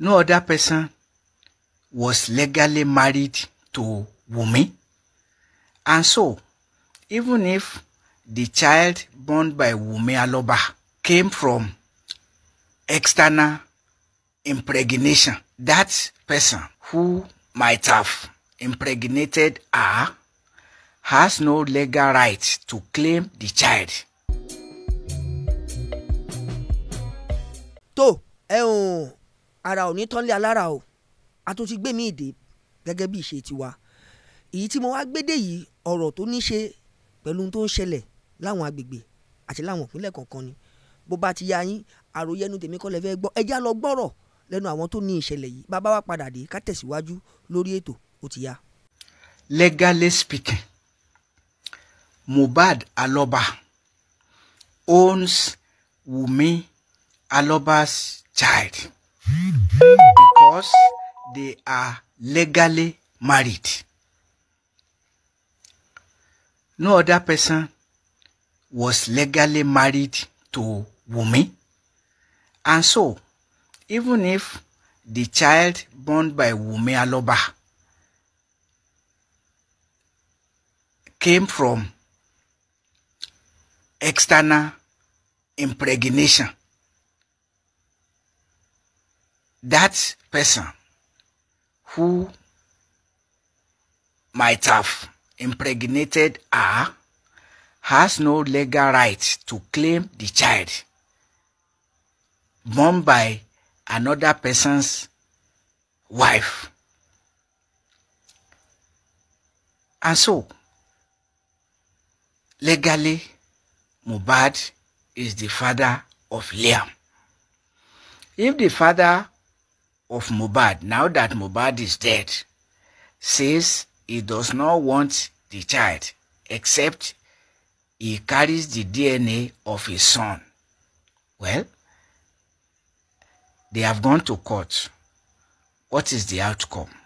no other person was legally married to Wumi. And so, even if the child born by Wumi Aloba came from external impregnation, that person who might have impregnated her has no legal right to claim the child. So, ẹ ara ò ní tọ́lé alára o a tún ti gbé mi ìdè gẹ́gẹ́ bí ìṣe tiwa èyí tí mo wá gbédè yìí ọ̀rọ̀ tó ní ṣe pẹ̀lú tó ń ṣẹlẹ̀ láwọn agbègbè àti láwọn ìpínlẹ̀ kọ̀ọ̀kan ni bó bá ti ya yín àròyé ẹnu tèmi kọ́ lẹ gbọ́ ẹjá lọ gbọ́rọ̀ lẹ́nu àwọn tó ní ìṣẹ̀lẹ̀ yìí bàbá wa padà dé ká tẹ̀síwájú lórí ètò ó ti ya. legally speaking Mohbad Aloba owns Wunmi Aloba's child. because they are legally married. No other person was legally married to Wumi. And so, even if the child born by Wumi Aloba came from external impregnation, that person who might have impregnated her has no legal right to claim the child born by another person's wife. And so, legally, Mubad is the father of Liam. If the father of Mubad, now that Mubad is dead, says he does not want the child except he carries the DNA of his son. Well, they have gone to court. What is the outcome?